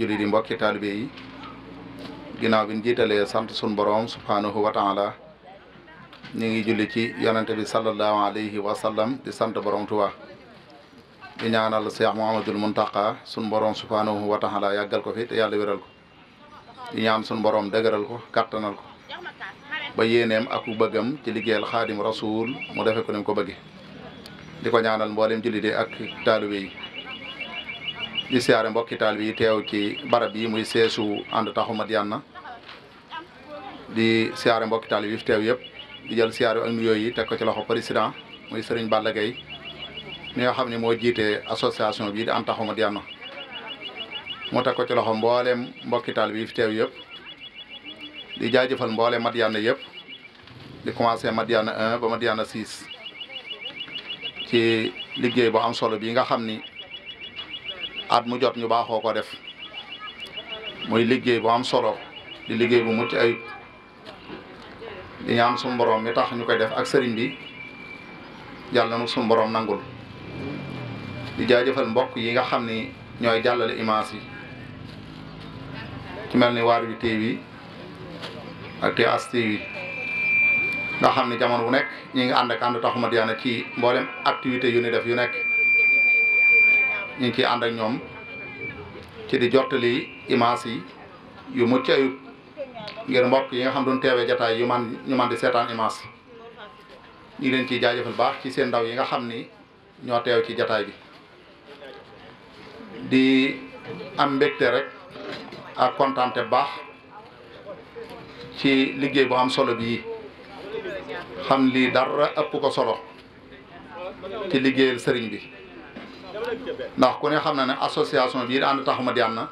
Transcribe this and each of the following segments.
jullit yi mbokki taalibe yi ginnaaw bi ñu jiitalee sant sun borom subhaanahu wa taala ñu ngi julli ci yonente bi sallallahu alayhi wa di sant borom Tuubaa di ñaanal Cheikh Mouhamadul Muntaqa sun borom subhaanahu wa taala yàggal ko fi te yàlla wéral ko di ñaan sun borom dëgëral ko kattanal ko ba ak ku bëggam ci liggéeyal xaadim rasul mu defe ko ni ko bëggee di ñaanal mboolem jullit yi ak taalibe di siyaare mbokki taalibe teew ci barab yi muy seesu ànd taxu Madiyana di siyaare mbokki taalibe yi teew yëpp di jël siyaare ak nuyoo yi teg ko ci loxo président muy Serigne Balla Gaye mi nga xam ni moo jiite association bii di ànd taxu Madiyana mu teg ko ci loxo mbooleem mbokki taalibe fi teew yëpp di jaajëfal mbooleem Madiyana yëpp di commencé Madiyana 1 ba Madiyana 6 ci liggéey bu am solo bi nga xam ni at mu jot ñu baaxoo ko def muy liggéey bu am solo di liggéey bu mucc ay di ñaan suñu borom mi tax ñu koy def ak sëriñ bi yàlla na sumboroom borom nangul di jaajëfal mbokk yi nga xam ni ñooy jàllale image yi ci mel ni Waarwi TV ak asti TV nga xam ni jamono bu nekk ñi ngi ànd taxu ma taxuma diyaana ci mboolem activité yu ni def yu nekk ñu ngi ciy ànd ñoom ci di jottali image yi yu mucc ayib ngir mbokk yi nga xam doon teewee jataay yu man ñu man di seetaan image ñu ngi leen ciy jaajëfal baax ci seen ndaw yi nga xam ni ñoo teew ci jataay bi di am mbégte rek ak kontaante baax ci liggéey bu am solo bii xam lii dara ëpp ko solo ci liggéeyal sëriñ bi ndax ku ne xam na ne association bii ànd taxu ma di am na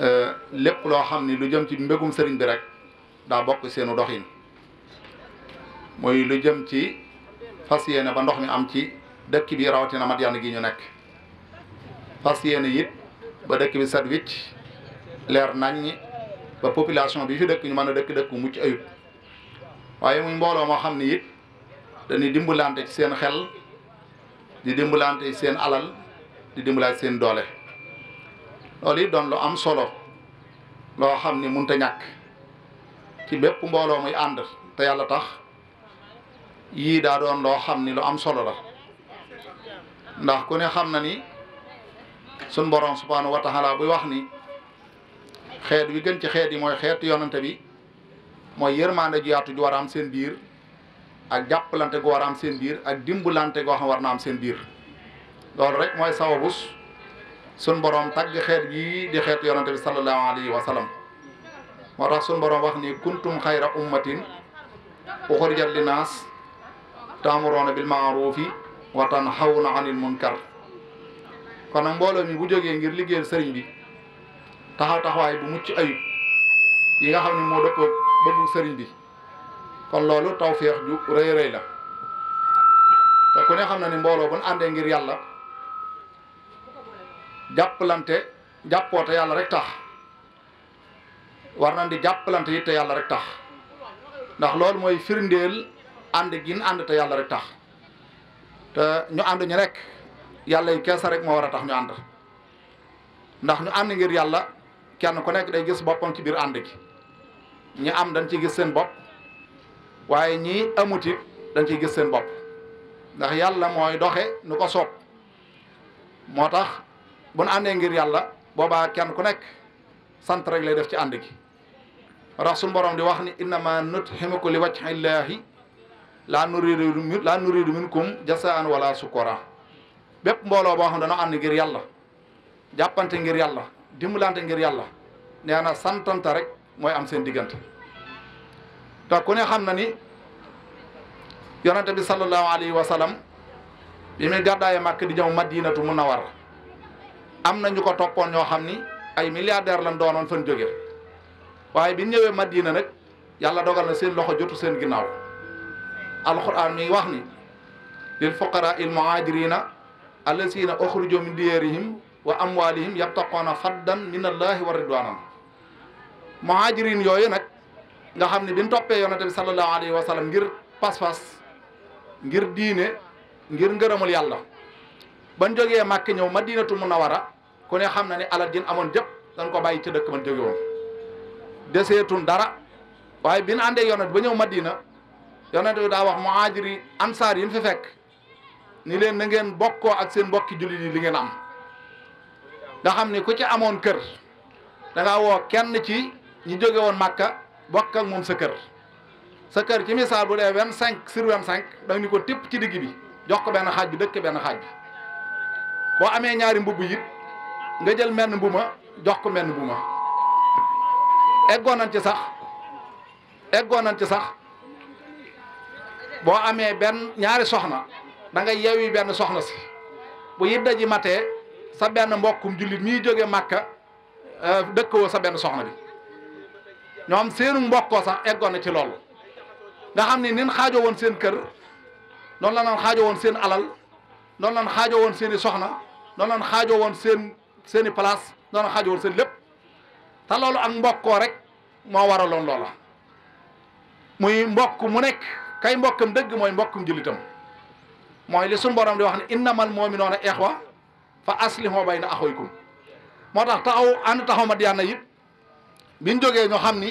euh, lépp loo xam ni lu jëm ci mbégum sëriñ bi rek daa bokk seenu doxin muy lu jëm ci fas yéene ba ndox mi am ci dëkk bi rawatina Madiyana gi ñu nekk fas yéene it ba dëkk bi set wicc leer nañ ba population bi fi dëkk ñu mën a dëkk dëkk mucc ayib waaye muy mbooloo moo xam ni it dañuy dimbalante ci seen xel di dimbalante seen alal di dimbalante seen doole loolu yi doon lu am solo loo xam ni munte a ñàkk ci bépp mbooloo muy ànd te yàlla tax yii daa doon loo xam ni lu am solo la ndax ku ne xam na ni sun borom subhaanahu wa taala buy wax ni xeet wi gën ci xeet yi mooy xeetu yonante bi mooy yërmaande ju yaatu ju war a seen biir ak jàppalante gu war seen biir ak dimbalante goo xam war na seen biir lool rek mooy sawabus sun borom tagg xeet yii di xeet yonante bi sallallahu alayhi wa sallam moo tax sun borom wax ni kuntum xayra ummatin uxrijat linnaas taamuroona bil xaw na tanhawna anil munkar kon nag mbooloo mi bu jógee ngir liggéeyal sëriñ bi taxaw taxawaay bu mucc ayib yi nga xam ne moo dëppoo bëggu sëriñ bi kon loolu tawféex ju rëy rëy la te ku ne xam na ni mbooloo ba ñu àndee ngir yàlla jàppalante jàppoote yàlla rek tax war nañ di jàppalante it te yàlla rek tax ndax loolu mooy firndeel ànd gin ànd te yàlla rek tax te ñu ànd ñu rek yàlla yi keesa rek moo war a tax ñu ànd ndax ñu ànd ngir yàlla kenn ku nekk day gis boppam ci biir ànd gi ñi am dañ ci gis seen bopp waaye ñii amut it dañ ciy gis seen bopp ndax yàlla mooy doxe nu ko soob moo tax bu nu àndee ngir yàlla boobaa kenn ku nekk sant rek lay def ci ànd rax moo tax borom di wax ni innama nut'imukum li wajhi llaahi laa nuriidu min laa nuriidu minkum jazaa'an wala sukura bépp mbooloo boo xam ne dañoo ànd ngir yàlla jàppante ngir yàlla dimbalante ngir yàlla nee na santante rek mooy am seen diggante to ku ne xam na ni yonente bi sallallahu alayhi wa sallam bi muy gàddaaye màkk di ñëw madinatu munawar am na ñu ko toppoon ñoo xam ni ay milliardaire la doonoon fan jóge waaye bi ñëwee madina nag yàlla dogal na seen loxo jotu seen ginnaaw alquran mi wax ni lil fuqara il muhajirina allasina ukhrijo min diyarihim wa amwalihim yabtaqoona faddan min allahi wa ridwanan muhajirin yooyu nag nga xam ne bi ñu toppee yonente bi sallallahu alayhi wa sallam ngir pas-pas ngir diine ngir ngërëmul yàlla ban jógee màkk ñëw madinatul munawara ku ne xam na ne alal jin amoon jëpp dañ ko bàyyi ci dëkk man jóge woon dara waaye bi ñu àndee yonent ba ñëw madina yonent bi daa wax muhaajir yi ansaar yin ñu fekk ni leen na ngeen bokkoo ak seen mbokki jullit yi li ngeen am nga xam ne ku ci amoon kër danga ngaa woo kenn ci ñi jóge woon màkka bokk ak moom sa kër sa kër ci misaal bu dee vingt cinq sur vingt cinq danga ni ko tépp ci digg bi jox ko benn xaaj bi dëkk benn xaaj bi boo amee ñaari mbubb it nga jël menn mbuma jox ko menn mbuma eggoo nañ ci sax eggoo nañ ci sax boo amee benn ñaari soxna da nga yewi benn soxna si bu yidda ji matee sa benn mbokkum jullit miy jóge màkka euh, dëkkoo sa benn soxna bi ñoom seenu mbokkoo sax eggoon na ci loolu nga xam ne nin xaajoo woon seen kër noonu la naan xaajoo woon seen alal noonu lan xaajoo woon seeni soxna noonu lan xaajoo woon seen seen i place noonu lépp te loolu ak mbokkoo rek moo waraloon loola muy mbokk mu nekk kay mbokkam dëgg mooy mbokkum jullitam mooy li suñu borom di wax ne innamal mu'minuuna ixwa fa aslihu bayna axoykum moo tax taxaw ànd taxaw ma diyaana yëpp biñ jógee ñoo xam ni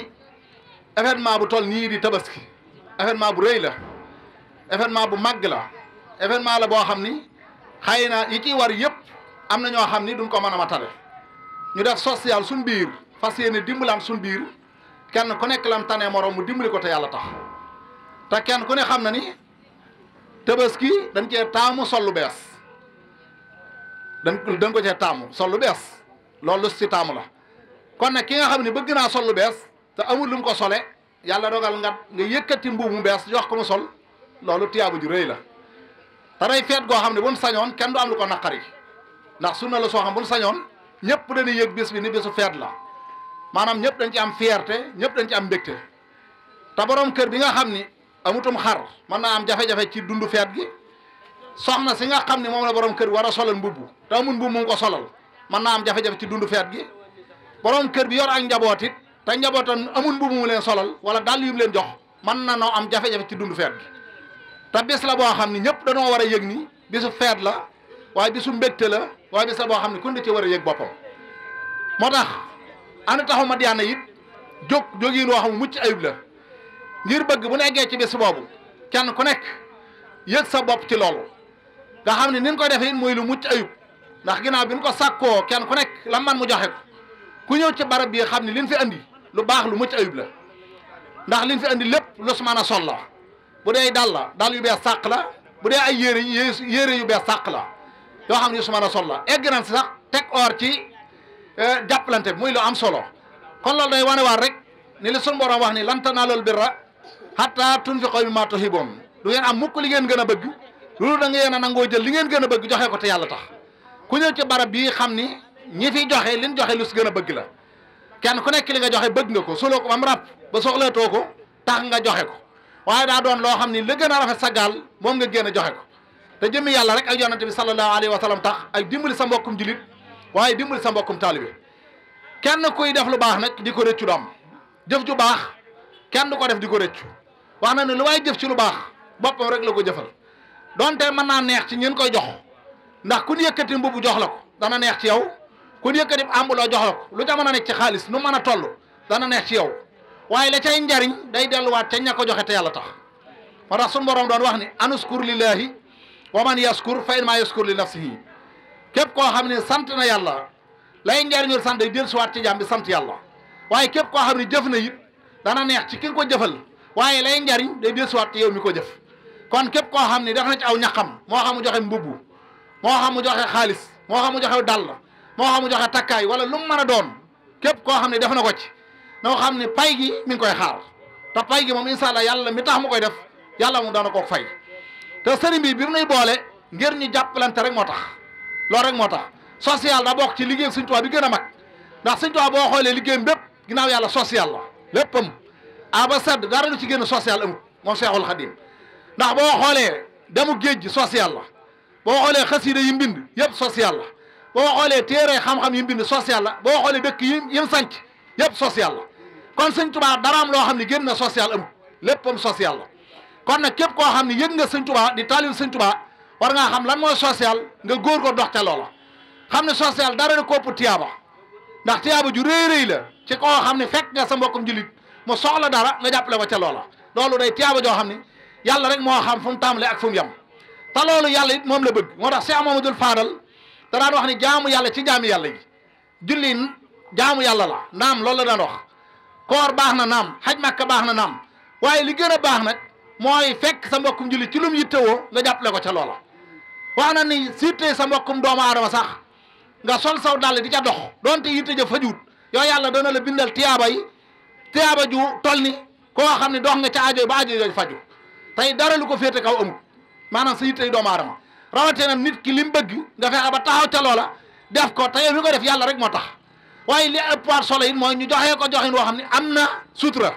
événement bu toll nii di tabaski événement bu rëy la événement bu màgg la événement la boo xam ni xëy na yi ciy war yëpp am na ñoo xam ni duñ ko mën a matale ñu def social suñ biir fas yéene dimbalaan suñ biir kenn ku nekk lam tane moroom mu dimbali ko te yàlla tax te kenn ku ne xam na ni tabaski dañ cee taamu sol lu bees dañ dañ ko cee taamu sol lu bees loolu si taamu la kon nag ki nga xam ne bëgg naa sol lu bees te amul ko sole yàlla dogal nga nga yëkkati mbuub mu bees jox ko mu sol loolu tiyaabu ju rëy la te day feet goo xam ne buñ sañoon kenn du am lu ko naqari ndax sunna la soo xam buñ sañoon ñëpp dañuy yëg bis bi ni bisu feet la maanaam ñëpp dañ ci am fierté ñëpp dañ ci am mbégte te borom kër bi nga xam ni amutum xar mën naa am jafe-jafe ci dundu feet gi soxna si nga xam ni moom la borom kër war a solal mbubb te amul mbubb mu mën naa am jafe ci dundu feet gi borom kër bi yor ak njaboot it te njabootam amul bu mu leen solol wala dàll yu leen jox man na noo am jafe-jafe ci dund feet gi te bis la boo xam ne ñëpp dañoo war a yëg ni bisu feet la waaye bisu mbégte la waaye bis la boo xam ne kun ne ci war a yëg boppam moo tax ànd taxaw ma diyaana it jóg jógiin woo mucc ayib la ngir bëgg bu ñu ci bis boobu kenn ku nekk yëg sa bopp ci loolu nga xam ne ni ñu ko defee it mooy lu mucc ayub ndax ginnaaw bi ñu ko sàkkoo kenn ku nekk la man mu joxe ku ñëw ci barab bi xam ne liñ fi andi lu baax lu mucc ayib la ndax liñ fi andi lépp lu smaana sol la bu dee dal la dal yu bees sàq la bu dee ay yére yére yu bees sàq la yoo xam ne yu smaana sol la egg nañ sax teg or ci euh, jàpp lante muy lu am solo kon loolu day wane waat rek ni li sunu borom wax ni lan tanaalul birra hattaa tunfiqu mimmaa tuhibbuun du ngeen am mukk li ngeen gën a bëgg loolu da ngeen a nangoo jël li ngeen gën a bëgg joxe ko yàlla tax ñi fi joxe liñ joxe lu si gën a bëgg la kenn ku nekk li nga joxe bëgg nga ko suloo ko ba mu ràpp ba soxlaatoo ko tax nga joxe ko waaye daa doon loo xam ni la gën a rafet sa gaal moom nga génn joxe ko te jëmmi yàlla rek ak yonante bi sallallahu alayhi wa sallam tax ak dimbali sa mbokkum julit waaye dimbali sa mbokkum taalibe kenn kuy def lu baax nag di ko rëccu du am jëf ju baax kenn du ko def di ko rëccu wax na ne lu waaye jëf ci lu baax boppam rek la ko jëfal donte mën naa neex ci ñeen koy jox ndax ku ñu yëkkati jox la ko dana neex ci yow ku yëkkati ambuloo jox ko lu ca mën a nekk ci xaalis nu mën a toll dana neex ci yow waaye la cay njariñ day delluwaat ca ña joxe te yàlla tax moo tax sunu borom doon wax ni anuskur lillahi wa man yaskur fa inma yaskur li nafsihi képp koo xam ne sant na yàlla lay njariñul sant day dellusiwaat ci jaam bi sant yàlla waaye képp koo xam ne jëf na it dana neex ci ki ko jëfal waaye lay njariñ day dellusiwaat ci yow mi ko jëf kon képp koo xam ne def na ci aw ñaxam moo xam joxe mbubb moo xam mu xaalis moo xam mu joxe dàll moo xam mu joxe takkaay wala lu mu a doon képp koo xam ne def na ko ci noo xam ne pay gi mi ngi koy xaar ta pay gi moom incha allah yàlla mi tax mu koy def yàlla moom dana ko fay te sëriñ bi bi mu nuy boole ngir ñu jàppalante rek moo tax loolu rek moo tax social da bokk ci liggéey Sëriñ Tuubaa bi gën a mag ndax Sëriñ Tuubaa boo xoolee liggéeyam bépp ginnaaw yàlla social la léppam aba sedd dara lu ci génn social amut moom Seexul Xadiim ndax boo xoolee demu géej gi social la boo xoolee xasida yi mbind yëpp social boo xoolee téere xam-xam yi mu bind social la boo xoolee dëkk yi yi mu social la kon sëñ tubaa daraam loo xam ne génn na social am léppam social la kon nag képp koo xam ne yëg nga sëñ tubaa di taalil sëñ tubaa war ngaa xam lan mooy social nga góor ko dox ca loola xam ne social dara ne kopp tiyaaba ndax tiyaaba ju rëy rëy la ci koo xam ne fekk nga sa mbokkum jullit mu soxla dara nga jàppale ko ca loola loolu day tiyaaba joo xam ne yàlla rek moo xam fu mu ak fu mu yàlla it moom la bëgg moo tax si Amadou Fadal da daan wax ni jaamu yàlla ci jaamu yàlla yi julli jaamu yàlla la naam loolu la daan wax koor baax na naam xaj màkka baax na naam waaye li gën a baax nag mooy fekk sa mbokkum julli ci lum yittewoo nga jàppale ko ca loola wax na ni surtout sa mbokkum doomu aadama sax nga sol saw dàll di ca dox doonte yitte ja fajuut yow yàlla doon na la bindal tiyaaba yi tiyaaba ju tol ni ko xam ne dox nga ca aajo ba aajo yooyu faju tey dara lu ko féete kaw amul maanaam sa yitte doomu aadama rawatina nit ki li mu bëgg nga fexe ba taxaw ca loola def ko te yow ko def yàlla rek moo tax waaye li a solo it moo ñu joxee ko joxin woo xam ne am na sutura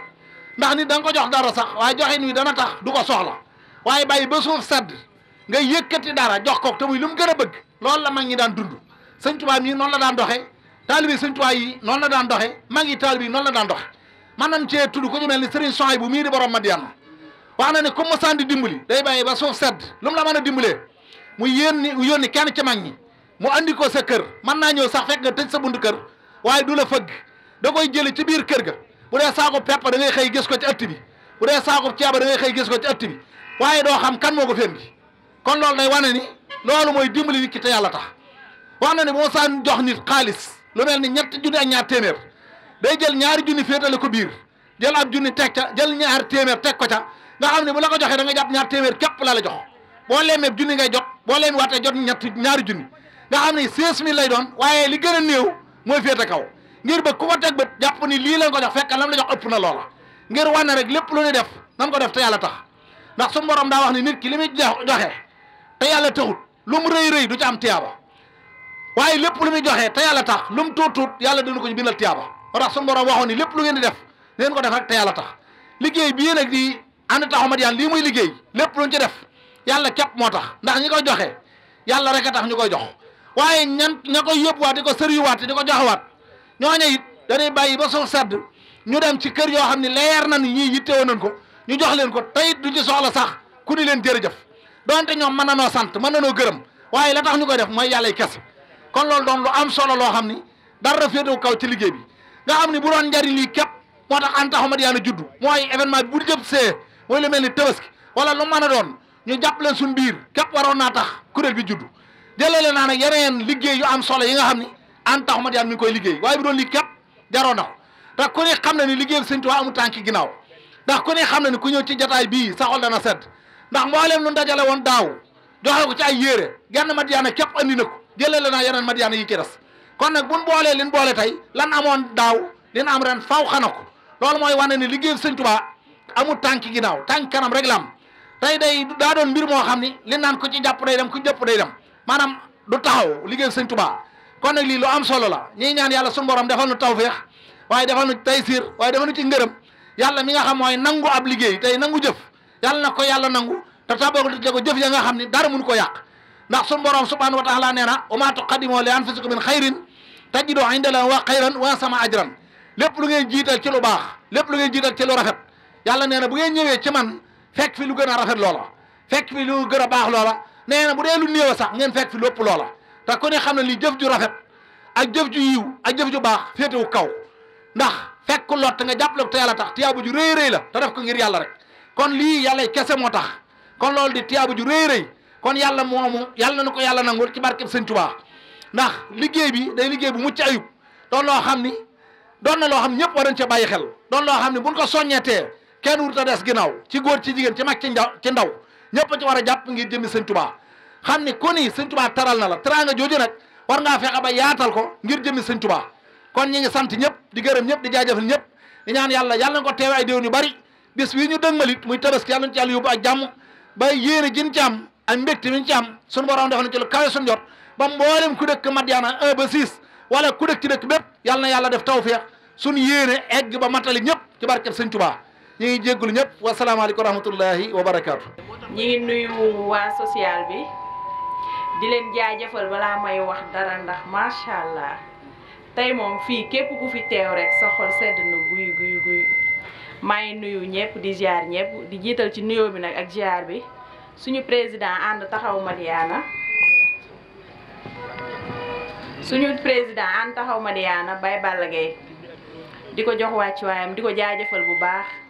ndax nit da ko jox dara sax waaye joxin wi dana tax du ko soxla waaye bàyyi ba suuf sedd nga yëkkati dara jox ko te muy lu mu gën a bëgg loolu la mag ñi daan dund sëñ Tuubaa mii noonu la daan doxee taalibi sëñ Tuubaa yi noonu la daan doxee mag yi taalibi noonu la daan doxee maanaam cee tudd ko ñu mel ni Sëriñ Sohay bu mii di borom Madiana wax na ne ku ma di dimbali day bàyyi ba suuf sedd lu mu la mën a dimbalee mu yónni yónni kenn ci mag ñi mu andi ko sa kër mën naa ñëw sax fekk nga tëj sa buntu kër waaye du la fëgg da koy jëli ci biir kër ga bu dee saako pepp da ngay xëy gis ko ci ëtt bi bu dee saako ceeba da ngay gis ko ci ëtt bi waaye doo xam kan moo ko fendi kon loolu day wane ni loolu mooy dimbali nit ki te yàlla tax wax na ne boo saa jox nit xaalis lu mel ni ñett junni ak ñaar téeméer day jël ñaari junni féetale ko biir jël ab junni teg jël ñaar téeméer teg ko ca nga xam ne bu la ko joxee da nga jàpp ñaar téeméer la la boo leemee junni nga jot boo leem waatee jot ñett ñaari junni nga xam ne seize mille lay doon waaye li gën a néew mooy féete kaw ngir ba ku ko teg bët jàpp ni lii lañ ko jox fekk lam la jox app na loola ngir wane rek lépp lu ñuy def nan ko def te yàlla tax ndax su borom daa wax ni nit ki li muy joxe te yàlla taxut lu mu rëy rëy du ci am tiyaaba waaye lépp lu muy joxe te yàlla tax lu mu tuut tuut yàlla dina ko ci bindal tiyaaba moo tax su borom waxoon ni lépp lu ngeen di def ngeen ko def rek te yàlla tax liggéey bii nag di ànd taxaw ma yàlla lii muy liggéey lépp luñ ci def yàlla képp moo tax ndax ñi koy joxe yàlla rek a tax ñu koy jox waaye ñan ko koy yóbbuwaat di ko sëriwaat di ko joxewaat ñooña it dañuy bàyyi ba suuf sedd ñu dem ci kër yoo xam ne leer na ni ñii yittewoo nañ ko ñu jox leen ko tayit du ci soxla sax ku ni leen jërëjëf donte ñoom mën na noo sant mën na noo gërëm waaye la tax ñu koy def mooy yàlla kes kon loolu doon lu am solo loo xam ni dara féetewul kaw ci liggéey bi nga xam ni bu doon njariñ lii képp moo tax Anta Ahmadiyana juddu mooy événement bu see mooy mel ni tabaski wala lu mën a doon ñu jàpp leen suñ biir képp waroon naa tax kuréel bi judd jëlale naa nag yeneen liggéey yu am solo yi nga xam ni an taxu ma yaan koy liggéey waaye bu doon lii képp jaroon na ko ndax ku ne xam na ni liggéey sëñ Tuubaa amul tànk ginnaaw ndax ku ne xam na ni ku ñëw ci jataay bii sa xol dana sedd ndax mbooleem lu dajale woon daaw joxe ci ay yére genn madiyaana képp andi na ko jëlale naa yeneen madiyaana yi ci des kon nag buñ boolee liñ boole tey lan amoon daaw lin am ren faw xana ko loolu mooy wane ni liggéey sëñ Tuubaa amul tànk ginnaaw tànk kanam rek la tey day daa mbir moo xam ni li naan ku ci jàpp day dem ku ci day dem maanaam du taxaw liggéey sëñ Tuubaa kon nag lii lu am solo la ñuy ñaan yàlla suñu borom defal nu tawféex waaye defal nu taysiir waaye defal nu ci ngërëm yàlla mi nga xam mooy nangu ab liggéey tey nangu jëf yàlla na ko yàlla nangu te taboogo jëf ya nga xam ni dara mun ko yàq ndax suñu borom subhaanahu wa taala nee na wa maa tuqaddimoo li anfusikum min xayrin tajidu indallaahi wa xayran wa sama ajran lépp lu ngeen jiital ci lu baax lépp lu ngeen jiital ci lu rafet yàlla nee na bu ngeen ñëwee ci man fekk fi lu gën a rafet loola fekk fi lu gën a baax loola nee na bu dee lu néew sax ngeen fekk fi lépp loola te ku ne xam ne li jëf ju rafet ak jëf ju yiw ak jëf ju baax wu kaw ndax fekk ku lott nga jàppale ko te yàlla tax tiyaabu ju rëy rey la te def ko ngir yàlla rek kon lii yàlla kese moo tax kon loolu di tiyaabu ju rëy rey kon yàlla moomu yàlla na ko yàlla nangul ci barkeb Sëñ Tuubaa ndax liggéey bi day liggéey bu mucc ayub doon loo xam ni doon na loo xam ñëpp war nañ ca bàyyi xel doon loo xam ni buñ ko soññeetee kenn wut ta des ginnaaw ci góor ci jigéen ci mag ci ndaw ci ndaw ñëpp ci war a jàpp ngir jëmmi sëñ tubaa xam ni ku ni sëñ tubaa taral na la nga jooju nag war ngaa fexe ba yaatal ko ngir jëmmi sëñ tubaa kon ñi ngi sant ñëpp di gërëm ñëpp di jaajëfal ñëpp di ñaan yàlla yàlla ko teewe ay déwén yu bari bis bii ñu dëgmalit muy tabaski yàlla jàmm ba yéene jin ci am ak mbégte mi ñu ci am suñu borom def na ci lu kawe suñu jot ba mboolem ku dëkk Madiana 1 ba 6 wala ku dëkk ci dëkk bépp yàlla na yàlla def tawfeex suñu yéene egg ba matali ñëpp ci barkeb sëñ tubaa ñu ngi jéggul ñëpp wasalaamaaleykum wa rahmatullahi wa barakaatu. ñi ngi nuyu waa social bi di leen jaajëfal balaa may wax dara ndax macha allah tey moom fii képp ku fi teew rek sa xol sedd na guy guy guy maa ngi nuyu ñëpp di jaar ñëpp di jiital ci nuyoo bi nag ak jaar bi suñu président ànd taxaw Madiyana suñu président ànd taxaw Madiyana Baye Balla Gaye di ko jox wàccuwaayam di ko jaajëfal bu baax.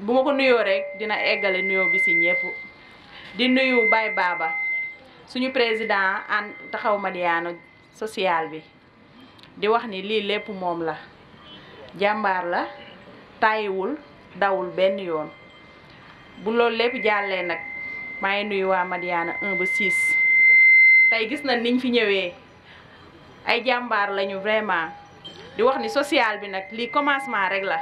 bu ma ko nuyoo rek dina eggale nuyoo bi si ñëpp di nuyu Baye baaba suñu président an taxaw Madiyana social bi di wax ni lii lépp moom la jàmbaar la tàyyiwul dawul benn yoon bu loolu lépp jàllee nag maa ngi nuyu waa Madiyana 1 ba 6 tey gis na niñ fi ñëwee ay jàmbaar lañu vraiment di wax ni sociale bi nag lii commencement rek la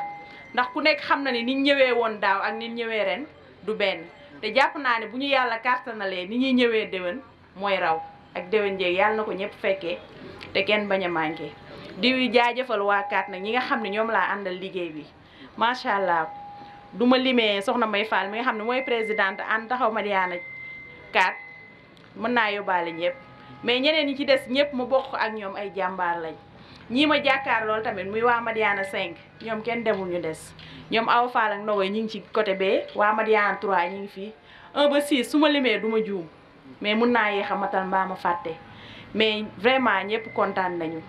ndax ku nekk xam na ne ni ñëwee woon daaw ak ni ñëwee ren du benn te jàpp naa ne bu ñu yàlla kàttanalee ni ñuy ñëwee déwén mooy raw ak déwén jéeg yàlla na ko ñëpp fekkee te kenn bañ a manqué di jaajëfal waa Kaat nag ñi nga xam ne ñoom laa àndal liggéey bi macha allah du ma limee soxna May Fall mi nga xam ne mooy présidente ànd taxaw Madiyana Kaat mën naa yóbbaale ñëpp mais ñeneen ñi ci des ñëpp mu bokk ak ñoom ay jàmbaar lañ. ñii ma jàkkaar lool tamit muy waa Madiana 5 ñoom kenn demul ñu des ñoom aw Fall ak Nogoy ñi ngi ci côté bee waa Madiana 3 ñi fii 1 ba 6 su ma limee du ma juum mais mun naa yéex a matal mbaa ma fàtte mais vraiment ñëpp kontaan nañu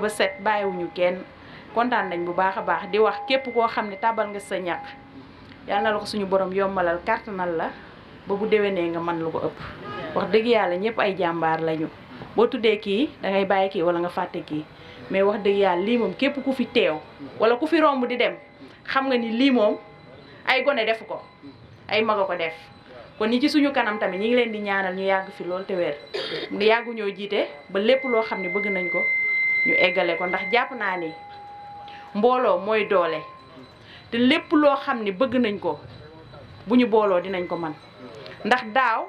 ba bàyyiwuñu kenn kontaan nañ bu baax a baax di wax képp koo xam ne tàbbal nga sa ñaq yal na ko suñu borom yombalal kàttanal la ba bu nee nga man lu ko ëpp wax dëgg yàlla ñëpp ay jàmbaar lañu boo tuddee kii dangay bàyyi kii wala nga fàtte kii mais wax dëgg yàlla lii moom képp ku fi teew wala ku fi romb di dem xam nga ni lii moom ay gone def ko ay mag a ko def kon ñi ci suñu kanam tamit ñi ngi leen di ñaanal ñu yàgg fi loolu te weer ñu yàggu jiite ba lépp loo xam ne bëgg nañ ko ñu eggale ko ndax jàpp naa ni mbooloo mooy doole te lépp loo xam ni bëgg nañ ko bu ñu booloo dinañ ko man ndax daaw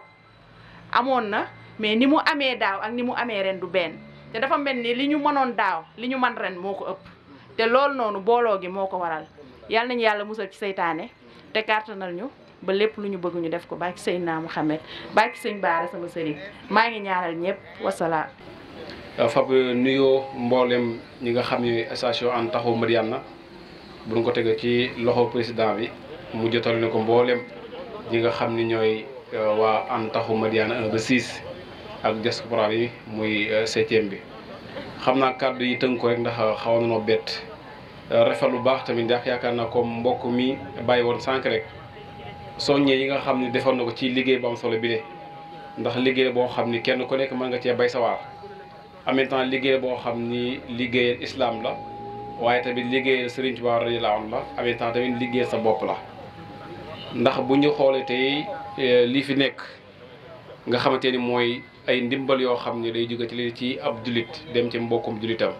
amoon na mais ni mu amee daaw ak ni mu amee ren du benn te dafa mel ni li ñu mënoon daaw li ñu man ren moo ko ëpp te loolu noonu booloo gi moo ko waral yal nañu yàlla musal ci seytaane te kàttanal ñu ba lépp lu ñu bëgg ñu def ko barki Seydina Muhammad barki sëñ Baara sama sëriñ maa ngi ñaanal ñëpp wasalaam. Euh, fab euh, nuyoo ñi nga xam ne station Ande Taxawu Madyana bu ñu ko tegee ci loxo président bi mu jotal ko mboolem ñi nga xam ni ñooy euh, waa Ande Taxawu Madyana ba 6. ak diaspora bi muy euh, septième bi xam naa kàddu yi tënk ko rek ndax euh, xaw na noo bett euh, rafet lu baax tamit ndax yaakaar naa ko mbokk mi bàyyi woon sànq rek soññee yi nga xam ne defoon na ko ci liggéey bu am solo bi de ndax liggéey boo xam ni kenn ku nekk mën nga cee bay sawaar en même temps liggéey boo xam ni liggéeyal islaam la waaye tamit liggéeyal Serigne Touba radiyallahu anhu la en même temps tamit liggéeyal sa bopp la ndax bu ñu xoolee tey lii fi nekk nga xamante ni mooy ay ndimbal yoo xam ne day jóge ci li ci ab jullit dem ci mbokkum jullitam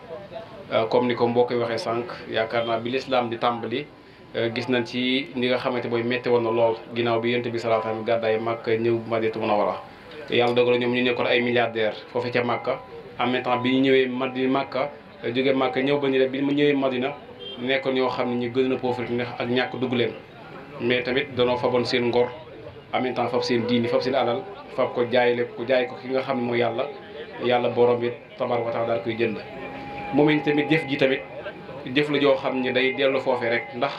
euh, comme ni ko mbokk yi waxee sànq yaakaar naa bi lislaam di tàmbali euh, gis nañ ci ni nga xamante booy métti woon na lool ginnaaw bi yonent bi sallallahu alayhi wa sallam gàddaay Makka ñëw Madinatu Munawwara yàlla dogal ñoom ñu nekkoon ay milliardaires foofu ca Makka en même temps bi ñu ñëwee Madina euh, Makka ñëw ba ñu ne mu ñëwee Madina nekkoon yoo xam ne ñu gën a pauvreté ne ak ñàkk dugg leen mais tamit danoo faboon seen ngor en même temps fab seen diini fab seen alal fab ko jaay lépp ko jaay ko ki nga xam ne mooy yàlla yàlla borom bi tabaaraka wa daal koy jënd moom it tamit jëf ji tamit jëf la joo xam ne day dellu foofee rek ndax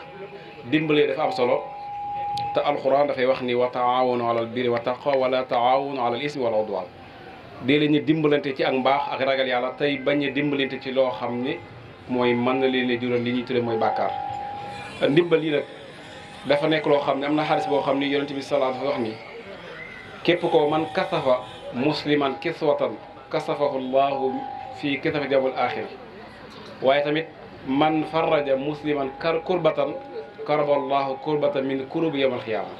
dimbale dafa am solo te alxuraan dafay wax ni wa taawanu alal birri wa taqwa wala taawanu alal ismi wala udwaan dee leen ñu dimbalante ci ak mbaax ak ragal yàlla tey bañ a dimbalante ci loo xam ni mooy mën na leen a jural li ñuy tudde mooy bàkkaar ndimbal yi nag dafa nekk loo xam ne am na xaalis boo xam ni yonent bi sallallahu alayhi wa képp ko man kasafa musliman kiswatan kasafahu llahu fii kisafa jamul axir waaye tamit man faraja musliman kar kurbatan karaballahu kurbatan min kurubi yamal xiyaama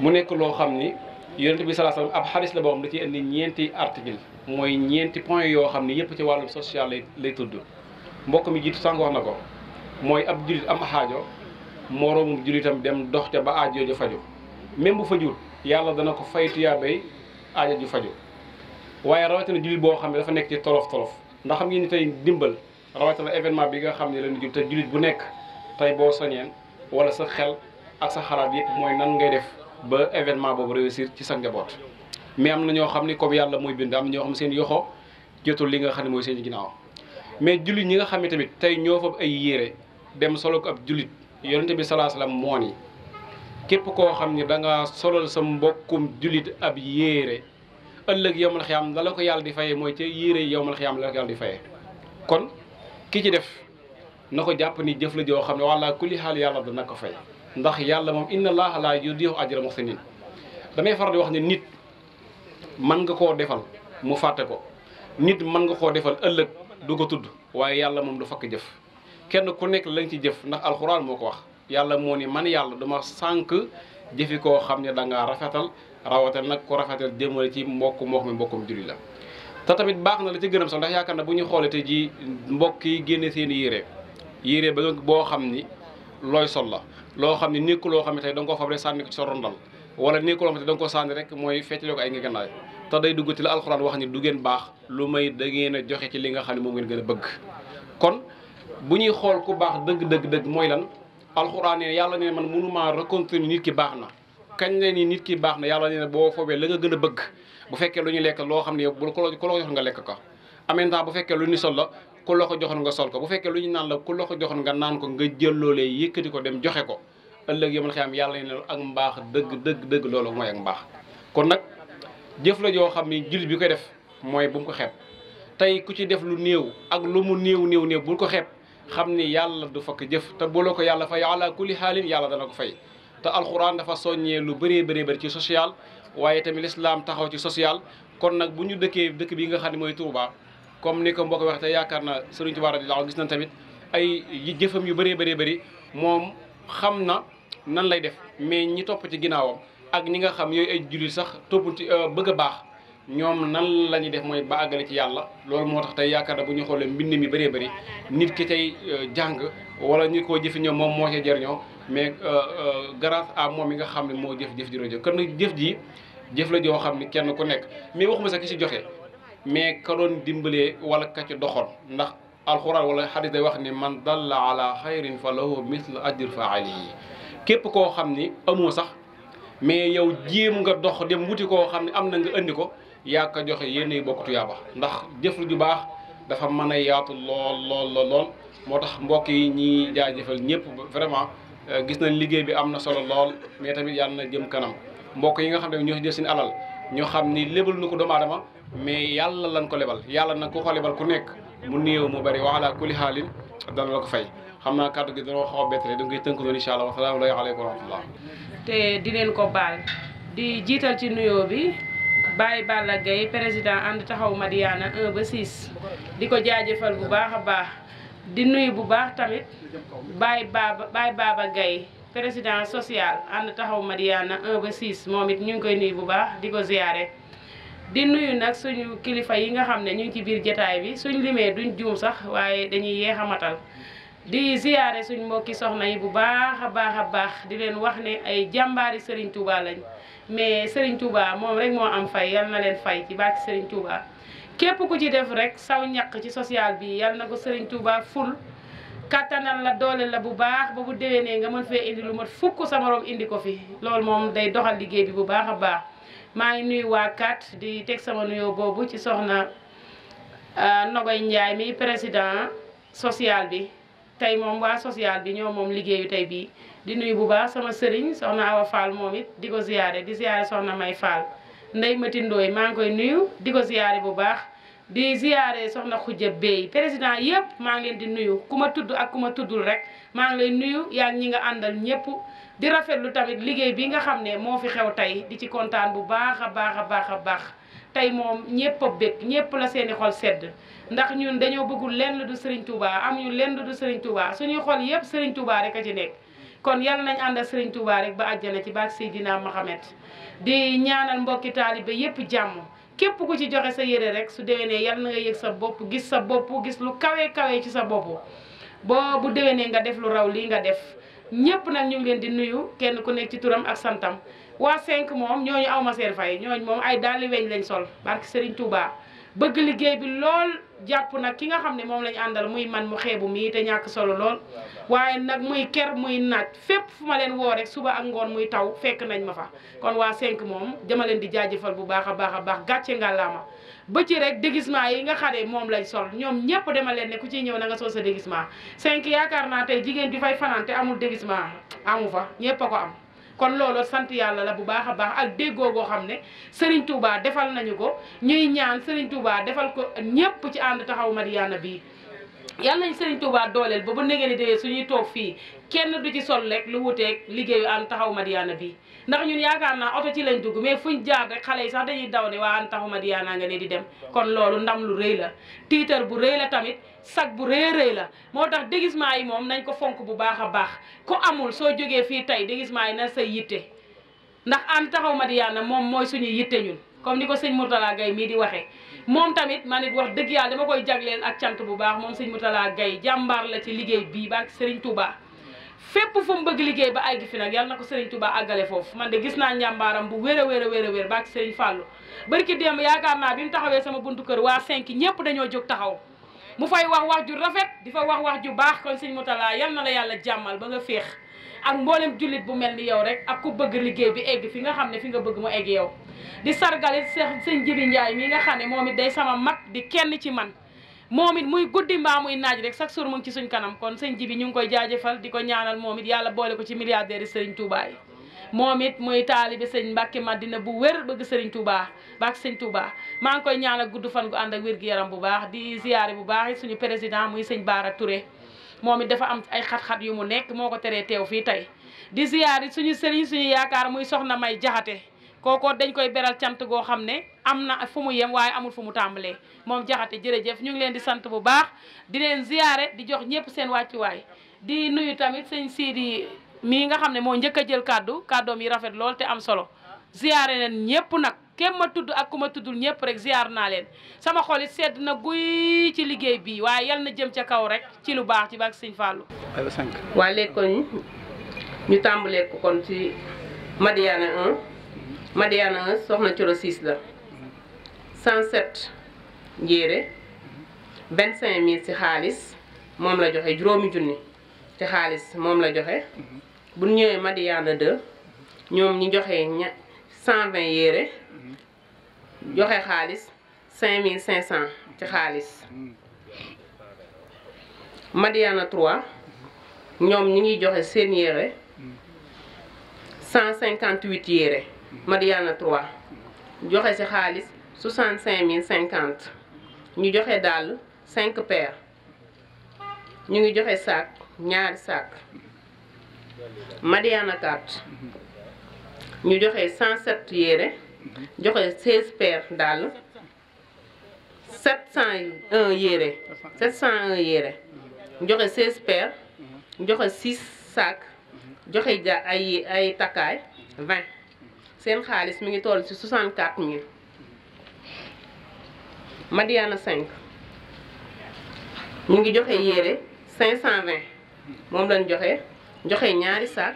mu nekk loo xam ni yonent bi salaa ab xadis la boo xam da ciy indi ñeenti article mooy ñeenti point yoo xam ni yëpp ci wàllum social lay lay tudd mbokk mi jiitu sànq na ko mooy ab julit am xaajo moroomum julitam dem dox ca ba aajo ja faju même bu yàlla dana ko fay tuyaabay aaja ju faju waaye rawatina jullit boo xam ne dafa nekk ci tolof tolof ndaxam xam ni tey dimbal rawatina événement bi nga xam ne lañu jul te jullit bu nekk tey boo soñeen wala sa xel ak sa xalaat yi mooy nan ngay def ba événement boobu réussir ci sa njaboot mais am na ñoo xam ne comme yàlla mooy bind am ñoo xam seen yoxo jotul li nga xam ne mooy seen ginnaaw mais jullit ñi nga xam ne tamit tey ñoo fa ay yére dem solo ko ab jullit yonente bi salaa salaam moo ni képp koo xam ni danga nga solal sa mbokkum jullit ab yéere ëllëg yowmal xiyaam la la ko yàlla di fayee mooy ci yéere yi yowmal xiyaam la la ko yàlla di faye kon ki ci def na ko jàpp ni jëf la joo xam ne wala kulli xaal yàlla dana ko fay ndax yàlla moom inna allaha laa yudii'u ajra muhsinin damay faral di wax ne nit mën nga koo defal mu fàtte ko nit mën nga koo defal ëllëg du ko tudd waaye yàlla moom du fakk jëf kenn ku nekk lañ ci jëf ndax alxuraan moo ko wax yàlla moo ni man yàlla duma sànq jëfi koo xam ne da rafetal rawatal nag ko rafetal jëmale ci mbokk moo xam ne mbokkum julli la te tamit baax na la ci gërëm sax ndax yaakaar na bu ñu xoolee te ji mbokk yi génne seen yére yére ba boo xam ni looy sol la loo xam ne nekku loo xam ne tey da nga koo fab rek sànni ko ci wala nekku loo xam ne da nga ko sànni rek mooy feccale ko ay ngegenaay te day dugg ci la alxuraan wax ni du ngeen baax lu may da joxe ci li nga xam ne moom ngeen gën a bëgg kon bu ñuy xool ku baax dëgg mooy lan alxuraan ne yàlla ne man mënumaa reconstruire nit ki baax na kañ ne ni nit ki baax na yàlla ne boo foobee la nga gën a bëgg bu fekkee lu ñu lekk loo xam ne bu ku la ko joxoon lekk ko en même bu fekkee lu ñu sol la ku la ko joxoon nga sol ko bu fekkee lu ñu naan la ku la ko joxoon nga naan ko nga jël loolee yëkkati ko dem joxe ko ëllëg yomal xiyaam yàlla ne ak mbaax dëgg dëgg dëgg loolu mooy ak mbaax kon nag jëf la joo xam ne jullit bi koy def mooy bu mu ko xeeb tey ku ci def lu néew ak lu mu néew néew néew bul ko xeeb xam ni yàlla du fakk jëf te bu ko yàlla fay ala kulli xaalin yàlla dana ko fay te alxuraan dafa soññee lu bëree bëree bëri ci social waaye tamit lislaam taxaw ci social kon nag bu ñu dëkkee dëkk bi nga xam ne mooy Touba comme ni ko mbokk wax te yaakaar na Sëriñ Tuubaa radiyallaahu gis na tamit ay jëfam yu bëree bëree bëri moom xam na nan lay def mais ñi topp ci ginnaawam ak ñi nga xam yooyu ay jullit sax topp ci euh, bëgg a baax ñoom nan la ñuy def mooy ba àggale ci yàlla loolu moo tax tey yaakaar na bu ñu xoolee mbind mi bëree bëri nit ki tey euh, jàng wala ñu ko jëfi ñoom moom moo ca jëriñoo mais euh, euh, grâce à moom mi nga xam ne moo jëf jëf rajo kon jëf ji jëf la xam ne kenn ku nekk mais waxuma sax ki si joxe mais ka doon dimbalee wala ka ci ndax alxuraan wala xadis wax ni man dalla ala xayrin fa lahu mislu ajr faalihi képp koo xam ni amoo sax mais yow jéem nga dox dem wuti koo xam ne am na nga indi ko yaa ko joxe yéen ay bokk tuyaaba ndax jëf ju baax dafa mën a yaatu lool lool lool moo tax mbokk yi ñu ñiy jaajëfal ñëpp vraiment euh, gis nañ liggéey bi am na solo lool mais tamit yàlla na jëm kanam mbokk yi nga xam ne ñoo jël seen alal xam ni lebal nu ko doomu aadama mais yàlla lan ko lebal yàlla na ku ko lebal ku nekk mu néew mu bëri wa ala kulli xaalin dana la ko fay xam naa kàddu gi dana ko xaw a bett rek da nga koy tënk noonu incha allah wa salaamu aleykum wa rahmatullah te ko baal di jiital bàyyi Balla Gaye président ànd taxaw Madiyana 1 ba 6 di ko jaajëfal bu baax a baax di nuyu bu baax tamit bàyyi baaba bàyyi Baba Gaye président social ànd taxaw Madiyana 1 ba 6 moom it ñu ngi koy nuyu bu baax di ko ziyaare di nuyu nag suñu kilifa yi nga xam ne ñu ngi ci biir jataay bi suñ limee duñ juum sax waaye dañuy yéex a matal di ziyaare suñ mbokki soxna yi bu baax a baax a baax di leen wax ne ay jàmbaari Serigne Touba lañ mais Serigne Touba moom rek moo am fay yal na leen fay ci barke Serigne Touba képp ku ci def rek saw ñàq ci social bi yal na ko Serigne Touba ful kattanal la doole la bu baax ba bu nee nga mën fee indi lu mat fukk sa morom indi ko fi loolu moom day doxal liggéey bi bu baax a baax maa ngi nuyu waa kat di teg sama nuyoo boobu ci soxna euh, Nogoy Ndiaye mi président social bi tey moom waa sociale bi ñoo moom liggéeyu tey bii di nuyu bu baax sama sëriñ soxna Awa Fall moom it di ko ziyaare di ziyaare soxna May Fall Ndey matindoo Ndooy maa ngi koy nuyu di ko ziyaare bu baax di ziyaare soxna Khoudia Bey président yëpp maa ngi leen di nuyu ku ma tudd ak ku ma tuddul rek maa ngi lay nuyu yaa ñi nga àndal ñëpp di rafetlu tamit liggéey bi nga xam ne moo fi xew tey di ci kontaan bu baax a baax a baax a baax tey moom ñëpp a ñëpp la seeni xol sedd ndax ñun dañoo bëggul lenn du Serigne Touba am ñu lenn du Serigne Touba suñuy xol yëpp Serigne tubaa rek a ci nekk kon yal nañ ànd ak Serigne Touba rek ba àjjana ci baak Seydina Mohamed di ñaanal mbokki taalibe yépp jàmm képp ku ci joxe sa yére rek su déwénee yal na nga yëg sa bopp gis sa bopp gis lu kawe kawe ci sa bopp boo bu déwénee nga def lu raw lii nga def ñëpp nag ñu ngi leen di nuyu kenn ku nekk ci turam ak santam waa cinq moom ñooñu aw ma seen fay ñooñu moom ay daali weñ lañ sol barki Serigne Touba. bëgg liggéey bi lool jàpp nag ki nga xam ne moom lañu àndal muy man mu xeebu mii te ñàkk solo lool waaye nag muy ker muy naaj fépp fu ma leen woo rek suba ak ngoon muy taw fekk nañ ma fa kon waa 5 moom dama leen di jaajëfal bu baax a baax a baax gàcce ngàllaama ba ci rek déguisement yi nga xare moom lay sol ñoom ñëpp demal leen ne ku ciy ñëw na nga sol sa déguisement 5 yaakaar naa tey jigéen ju fay fanaan te amul déguisement amu fa ñëpp a ko am kon loolu sant yàlla la bu baax a baax ak déggoo goo xam ne Serigne Touba defal nañu ko ñuy ñaan Serigne Touba defal ko ñëpp ci ànd taxaw Madiyana bi yàlla nañ Serigne Touba dooleel ba bu nekkee ne suñuy toog fii kenn du ci sol rek lu wuteeg liggéeyu an taxaw madiana bi ndax ñun yaakaar naa oto ci lañ dugg mais fuñ jaar rek xale yi sax dañuy daw ne waa an taxaw Madiyana nga ne di dem kon loolu ndam lu rëy la tiitar bu rëy la tamit sag bu rëy rëy la moo tax déguisement yi moom nañ ko fonk bu baax a baax ku amul soo jógee fii tey déguisement yi na sa yitte ndax an taxaw Madiyana moom mooy suñu yitte ñun comme ni ko sëñ Mourtala gay mii di waxee moom tamit man it wax dëgg yàlla dama koy jagleen ak cant bu baax moom sëñ Mourtala gay jàmbaar la ci liggéey bii ba ak Serigne Touba fépp fu mu bëgg liggéey ba egg fi nag yal na ko Serigne Touba àggale foofu man de gis naa njàmbaaram bu wér a wér a wér a wér baak Serigne Fallou barki démb yaakaar naa bi mu taxawee sama buntu kër waa cinq ñëpp dañoo jóg taxaw mu fay wax wax ju rafet di fa wax wax ju baax ko kon Serigne Moutala yal na la yàlla jàmmal ba nga féex ak mboolem jullit bu mel ni yow rek ak ku bëgg liggéey bi egg fi nga xam ne fi nga bëgg mu egg yow di sargalit Serigne Jibi Ndiaye mi nga xam ne moom it day sama mag di kenn ci man moom it muy guddi mbaa muy naaj rek chaque jour mu ngi ci suñ kanam kon sëñ ji bi ñu ngi koy jaajëfal di ko ñaanal moom it yàlla boole ko ci milliardaire yi sëriñ Touba yi moom it muy taalibe sëñ Mbàkke Madina bu wër bëgg sëriñ Touba baax sëñ Touba maa ngi koy ñaanal gudd fan gu ànd ak wér gi yaram bu baax di ziyaare bu baax suñu président muy sëñ Baara Touré moom it dafa am ay xat-xat yu mu nekk moo ko teree teew fii tey di ziyaare suñu sëriñ suñu yaakaar muy soxna May Jaxate kookoo dañ koy beral cant goo xam ne am na fu mu yem waaye amul fu mu tàmbalee moom jaxate jërëjëf ñu ngi leen di sant bu baax di leen ziyaare di jox ñëpp seen wàccuwaay di nuyu tamit sëñ Sidi mii nga xam ne moo njëkk a jël kàddu kàddoom yi rafet lool te am solo ziyaare leen ñëpp nag képp ma tudd ak ku ma tuddul ñëpp rek ziyaar naa leen sama xol it sedd na guy ci liggéey bi waaye yal na jëm ca kaw rek ci lu baax ci bak sëñ Fallou waa léegi kon ñu tàmbalee ko kon ci Madiana soxna Coro 6 la yére 107 njéere 25000 ci xaalis moom la joxe juróomi junni ci xaalis moom la joxe bu ñëwee Madiana 2 ñoom ñi joxe ña 120 yére joxe xaalis 5500 ci xaalis Madiana 3 ñoom ñi ngi joxe seen yére 158 yére Madiana 3 joxe ci xaalis. soixante cinq mille cinquante ñu joxe dàll cinq paires ñu ngi joxe sac ñaari sac Madiana carte ñu joxe cent sept yére joxe seize paires dàll sept cent un yére sept cent un yére joxe seize paires joxe six sac joxe ja ay ay takkaay vingt seen xaalis mu ngi toll ci soixante quatre mille Madiana cinq ñu ngi joxe yére 520 moom lañ joxe joxe ñaari saak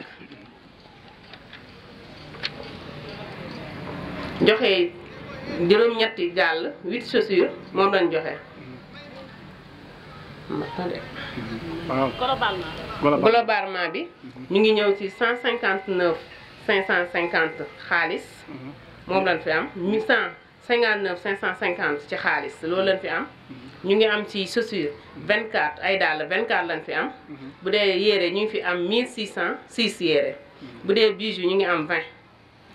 joxe juróom-ñetti jàll 8 chaussures moom lañ joxe. globalement bi mhm. ñu ngi ñëw ci 159 550 xaalis mhm. moom lañ fi am 1100. 59 550 ci xaalis loolu lañ fi am ñu ngi am ci chaussure 24 ay dàll 24 lañ fi am mhm. bu dee yére ñu ngi fi am 1606 yére mhm. bu dee bijou ñu ngi am 20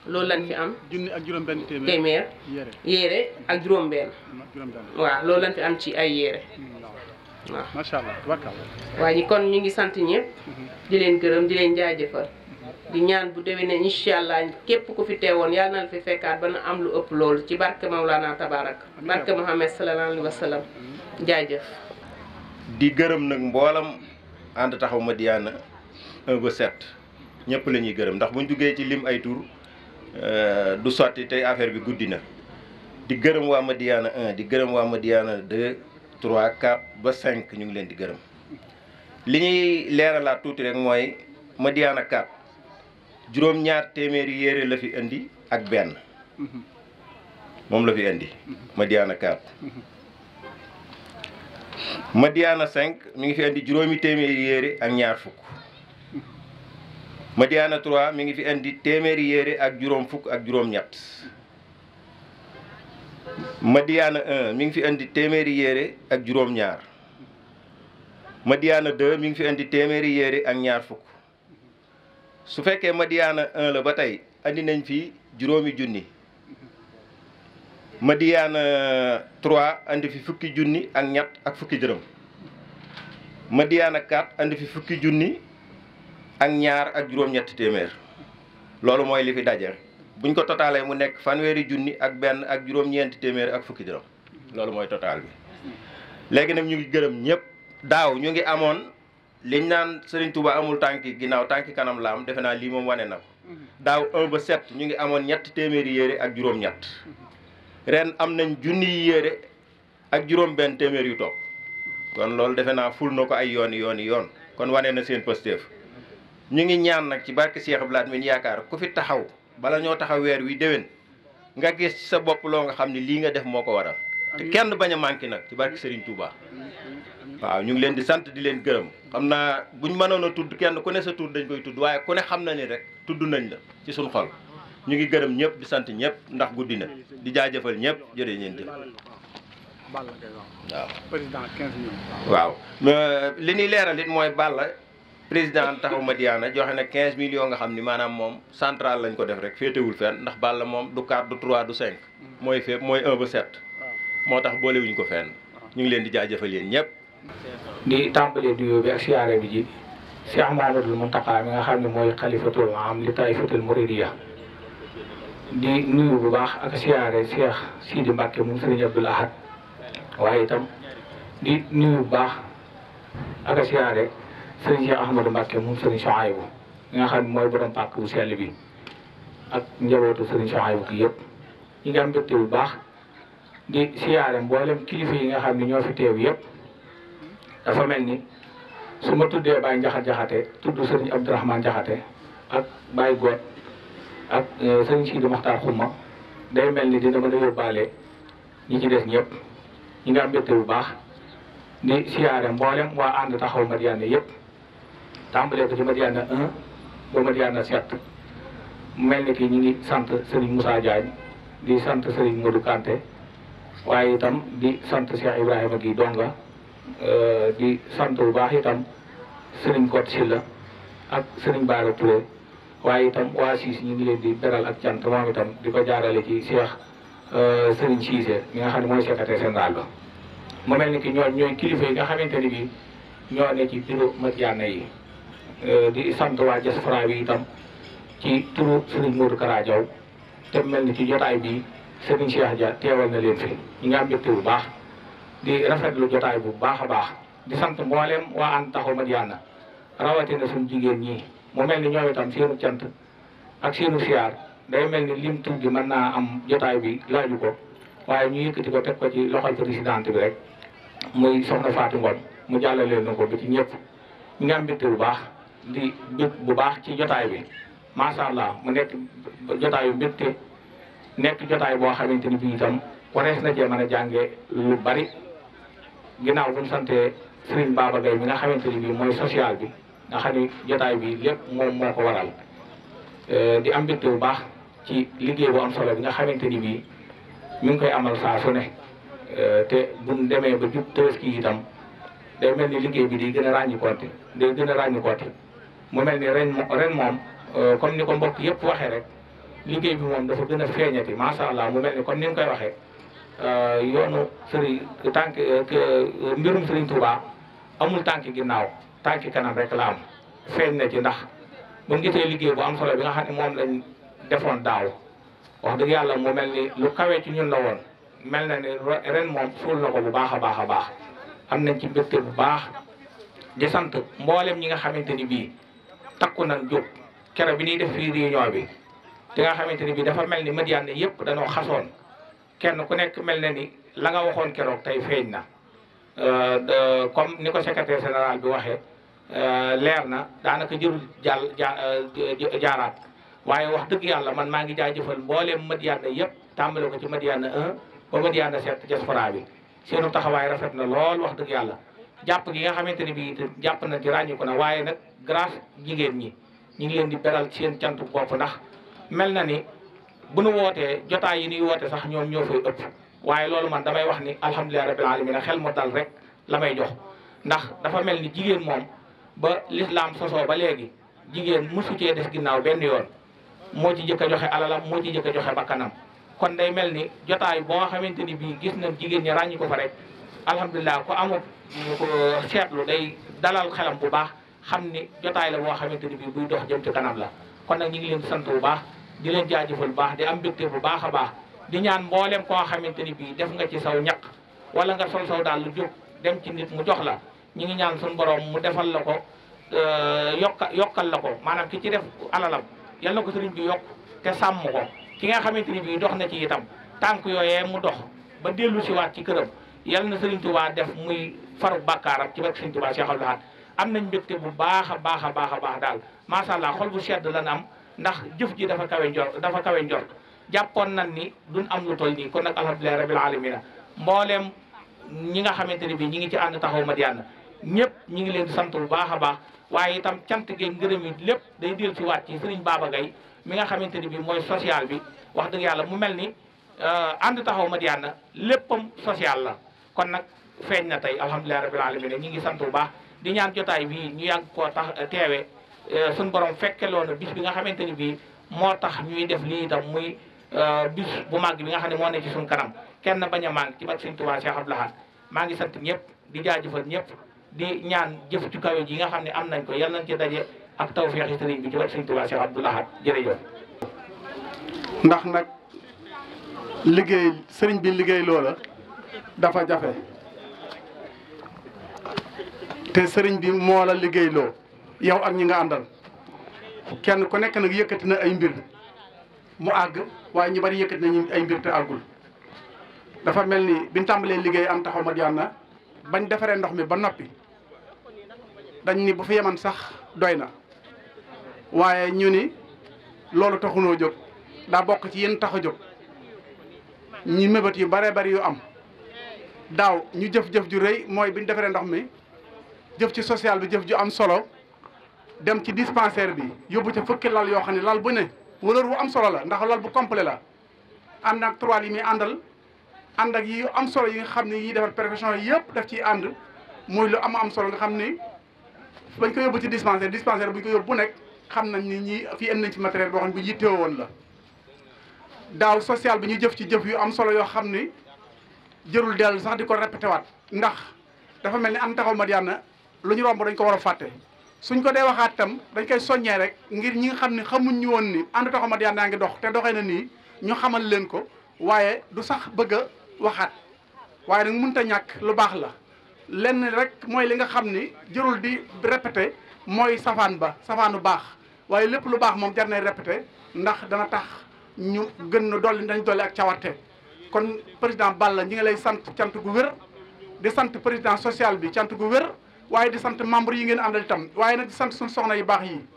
loolu lañ fi am junni ak juróom benn téeméer yére ak juróom benn waaw loolu lañ fi am ci ay yére mm, waaw macha allah kon ñu ngi sant ñëpp mhm. di leen gërëm di leen jaajëfal di ñaan bu déwénee incha allah képp ku fi woon yàlla na fi fekkaat ba na am lu ëpp loolu ci barke Mawlana Tabarak barke Muhammad sallallahu alayhi wa sallam jaajëf. di gërëm nag mboolam ànd taxaw Madiyana 1 ba 7 ñëpp lañuy gërëm ndax bu ñu duggee ci lim ay tur euh, du sotti tey affaire bi guddi na di gërëm waa Madiyana 1 di gërëm waa Madiyana 2 3 4 ba cinq ñu ngi leen di gërëm li ñuy leeralaat tuuti rek mooy Madiyana 4. juróom-ñaar téeméeri yére la fi indi ak benn moom la fi indi mhm. Madiana 4 mhm. Madiana 5 mi ngi fi indi juróomi téeméeri yére ak ñaar fukk Madiana 3 mi ngi fi indi téeméeri yére ak juróom fukk ak juróom-ñett Madiana 1 mi ngi fi indi téeméeri yére ak juróom-ñaar Madiana 2 mi ngi fi indi téeméeri yére ak ñaar fukk su fekkee madiyaana un la ba tey andi nañ fi juróomi junni madiyaana trois andi fi fukki junni ak ñett ak fukki dërëm madiyaana quatre andi fi fukki junni ak ñaar ak juróom-ñetti téeméer loolu mooy li fi daja buñ ko totalee mu nekk fanweeri junni ak benn ak juróom-ñeenti téeméer ak fukki dërëm loolu mooy total bi léegi nag ñu ngi gërëm ñëpp daaw ñu ngi amoon liñ naan Serigne Touba amul tànki ginnaaw tànki kanam la am defe naa lii moom wane na daaw 1 ba 7 ñu ngi amoon ñetti téeméeri yére ak juróom-ñett ren am nañ junni yére ak juróom-benn téeméer yu topp kon loolu defe naa ful na ko ay yoon yoon yoon kon wane na seen pësteef ñu ngi ñaan nag ci barke Cheikh laat min yaakaar ku fi taxaw bala ñoo taxaw weer wi déwén nga gis sa bopp loo nga xam ne lii nga def moo ko waral. te kenn bañ a manqué nag ci barke Serigne Touba waaw ñu ngi leen di sant di leen gërëm xam naa buñ mënoon a tudd kenn ku ne sa tudd dañ koy tudd waaye ku ne xam na ni rek tudd nañ la ci suñ xol ñu ngi gërëm ñëpp di sant ñëpp ndax guddi na di jaajëfal ñëpp jërë ngeen jëf waaw président 15 millions waaw li ñuy leeral it mooy Balla président taxaw Madiyana joxe na 15 millions nga xam ni maanaam moom central lañ ko def rek féetewul fenn ndax bal la moom du 4 du 3 du 5 mm. mooy fépp mooy 1 ba 7 moo tax boole boolewuñ ko fenn ñu leen di jaajëfal yéen ñëpp. di tàmbalee nuyoo bi ak siyaare bi ji Cheikh Mouhamadoul Mountakha mi nga xam ne mooy xalifatul am li taifatul muridiya di nuyu bu baax ak siyaare Cheikh Sidi Mbacke moom Serigne Abdoul Ahad waaye itam di nuyu bu baax ak siyaare Serigne Cheikh Ahmadou Mbacke moom Serigne Souhaïbou nga xam ne mooy borom pàkk bu sell bi ak njabootu Serigne Souhaïbou gi yëpp ñu ngi am mbégte bu baax. di siyaare mboolem kilifa yi nga xam ne ñoo fi teew yëpp dafa mel ni su ma tuddee Baye Njaxa Jaxate tudd sëriñ Abdourahman Jaxate ak Baye Goot ak euh, sëriñ Sidi Moxtaar Xuma day mel ni dina mën a yóbbaale ñi ci des ñëpp ñi nga am mbégte bu baax di siyaare mboolem waa ànd taxaw Madiyana yëpp tàmbalee ko ci Madiyana 1 ba Madiyana 7 mel ni ki ñi ngi sant sëriñ musaa Diagne di sant sëriñ Modou Kanté waaye itam di sant Cheikh Ibrahima gi donga euh, di sant bu baax itam sëriñ Kot Silla ak sëriñ Baara Touré waaye itam waa Siis ñu ngi leen di beral ak cant moom itam di ko jaarale ci Cheikh euh, sëriñ Cissé mi nga xam ne mooy secrétaire général ba mu mel ni ki ñoo ñooy kilifa yi nga xamante ni bi ñoo ne ci bureau Madiana yi euh, di sant waa diaspora bi itam ci turu sëriñ Modou Kara Diaw te mel ni ci jotaay bi Serigne Cheikh Dia teewal na leen fi ñi nga am mbégte bu baax di rafetlu jotaay bu baax a baax di sant mboolem waa an taxaw Madiyana rawatina suñu jigéen ñii mu mel ni ñoom itam seenu cant ak seenu siyaar day mel ni lim tudd mën naa am jotaay bi laaju ko waaye ñu yëkkati ko teg ko ci loxol présidente bi rek muy soxna Fatou Ngom mu jàllaleel na ko ba ci ñëpp ñi nga am mbégte bu baax di bég bu baax ci jotaay bi macha allah mu nekk jotaayu mbégte. nekk jotaay boo xamante ni bii itam warees na cee mën a jànge lu bari ginnaaw bu ñu santee Serigne Baba Gaye mi nga xamante ni bii mooy social bi nga xam ni jotaay bi lépp ko waral euh, di am mbégte bu baax ci liggéey bu solo bi nga xamante ni bii mi ngi koy amal saa su euh, te buñ demee ba jub Tabaski itam day mel ni liggéey bi di gën a ràññi kooti day gën a ràññi kooti mu mel ni ren moom euh, comme ni ko mbokk yëpp waxee rek liggéey bi moom dafa gën a feeñati macha allah mu mel ni kon ni nga koy waxee euh, yoonu sëriñ tànk euh, euh, mbirum sëriñ Touba amul tànk ginnaaw tànk kanam rek la am feeñ na ci ndax ba gisee liggéey bu am solo bi nga xam ne moom lañ defoon daaw wax dëgg yàlla mu mel ni lu kawee ci ñun la woon mel na ni ren moom suul na bu baax a baax a baax am nañ ci mbégte bu baax di sant mboolem ñi nga xamante ni bii takku nañ jóg kere bi ñuy def fii réunion bi te nga xamante ni bii dafa mel ni Madiyaana yëpp danoo xasoon kenn ku nekk mel na ni la nga waxoon keroog tey feeñ na euh, comme ni ko secrétaire général bi waxee euh, leer na daanaka jërul jàll euh, jaaraat waaye wax dëgg yàlla man maa ngi jaajëfal mbooleem Madiyaana yëpp tàmbale ko ci Madiyaana 1 ba Madiyaana 7 diaspora bi seenu taxawaay rafet na lool wax dëgg yàlla jàpp gi nga xamante ni bii jàpp na ci ràññu ko na waaye nag grâce jigéen ñi ñu ngi leen di beral seen cantu bopp ndax mel na ni bu nu wootee jotaay yi nuy woote sax ñoom ñoo fay ëpp waaye loolu man damay wax ni alhamdulilah rabbil alamin xel mu dal rek la may jox ndax dafa mel ni jigéen moom ba lislaam sosoo ba léegi jigéen musu cee des ginnaaw benn yoon moo ci njëkk a joxe alalam moo ci njëkk a joxe ba kanam kon day mel ni jotaay boo nga xamante ni bii gis nañ jigéen ñi ràññi ko fa rek alhamdulilah ku amut ko seetlu day dalal xelam bu baax xam ni jotaay la boo xamante ni bii buy dox jëm ci kanam la kon nag ñu ngi leen sant bu baax di leen jaajëfal baax di am mbégte bu baax a baax di ñaan mboolem koo xamante ni bii def nga ci saw ñaq wala nga sol saw daal lu jóg dem ci nit mu jox la ñu ngi ñaan suñu borom mu defal la ko euh, yokka yokkal la ko maanaam ki ci def alalam yal na ko sëriñ bi yokk te sàmm ko ki nga xamante ni bii dox na ci itam tànk yooye mu dox ba dellu si waat ci këram yal na sëriñ Tuubaa def muy faru bàkkaaram ci barke sëriñ Tuubaa Cheikh Abdoul Ahad am nañ mbégte bu baax a baax a baax a baax daal macha allah xol bu sedd lan am ndax jëf ji dafa kawe njort dafa kawe njort jàppoon nan ni duñ am lu toll nii kon nag alhamdulilahi rabil alamina mbooleem ñi nga xamante ni bii ñi ngi ci ànd taxaw Madiyana ñëpp ñi ngi leen di sant baax a baax waaye itam cant gi ngërëm lépp day dellu si waat ci sëriñ Baba mi nga xamante ni bi mooy social bi wax dëgg yàlla mu mel ni euh, ànd taxaw Madiyana léppam social la kon nag feeñ na tey alhamdulilahi rabil alamina ñi ngi sant bu baax di ñaan jotaay bii ñu yàgg koo tax teewee Euh, suñ borom fekke loona bis bi nga xamante ni bii moo tax ñuy def lii itam muy euh, bis bu màgg bi nga xam ne moo ne ci suñ kanam kenn bañ a màgg ci mag sëñ Tuubaa Cheikh Abdou Lahad maa ngi sant ñëpp di jaajëfal ñëpp di ñaan jëf ci kawe ji nga xam ne am nañ ko yal nañ ci daje ak tawfeex yi sëriñ bi ci mag sëñ Tuubaa Cheikh Abdou Lahad jërëjëf ndax nag liggéey sëriñ bi liggéey loola dafa jafe te sëriñ bi moo la liggéey loo yow ak ñi nga àndal kenn ku nekk nag yëkkati na ay mbir mu àgg waaye ñi bari yëkkati nañu ay mbir te àggul dafa mel ni biñ tàmbalee liggéey am taxaw ma na bañ defaree ndox mi ba noppi dañ ni bu fi yeman sax doy na waaye ñu ni loolu taxunoo jóg daa bokk ci yéen tax a jóg ñi mébét yu baree bari yu am daaw ñu jëf-jëf ju rëy mooy bi biñ defaree ndox mi jëf ci social bi jëf ju am solo dem ci dispensaire bi yóbbu ca fukki lal yoo xam ne lal bu ne wëlër wu am solo la ndax lal bu complet la am na trois yi muy àndal ànd ak yi am solo yi nga xam ne yi defar perfection yëpp daf ciy ànd muy lu am am solo xam ni bañ koy yóbbu ci dispensaire dispensaire bu ñu ko yóbbu bu nekk xam nañ ni ñi fii am nañ ci matériel boo xam ne bu yittewoo woon la daaw social bi ñu jëf ci jëf yu am solo yoo xam ni jërul dellu sax di ko répété waat ndax dafa mel ni am taxaw Madiyana lu ñu romb dañ ko war a fàtte suñ ko dee waxaat itam dañ koy soññee rek ngir ñi xam ne xamuñ ñu woon ni ànd taxaw Madiyana daa ngi dox te doxee na nii ñu xamal leen ko waaye du sax bëgg a waxaat waaye nag mënut ñàkk lu baax la lenn rek mooy li nga xam ni jërul di répété mooy safaan ba safaanu baax waaye lépp lu baax moom jar na répété ndax dana tax ñu gën a dolli dañ dolli ak cawarte kon président Balla ñi ngi lay sant cant gu wér di sant président sociale bi cant gu wér waaye di sant membre yi ngeen àndal tam waaye nag di sant suñu soxna yu baax yi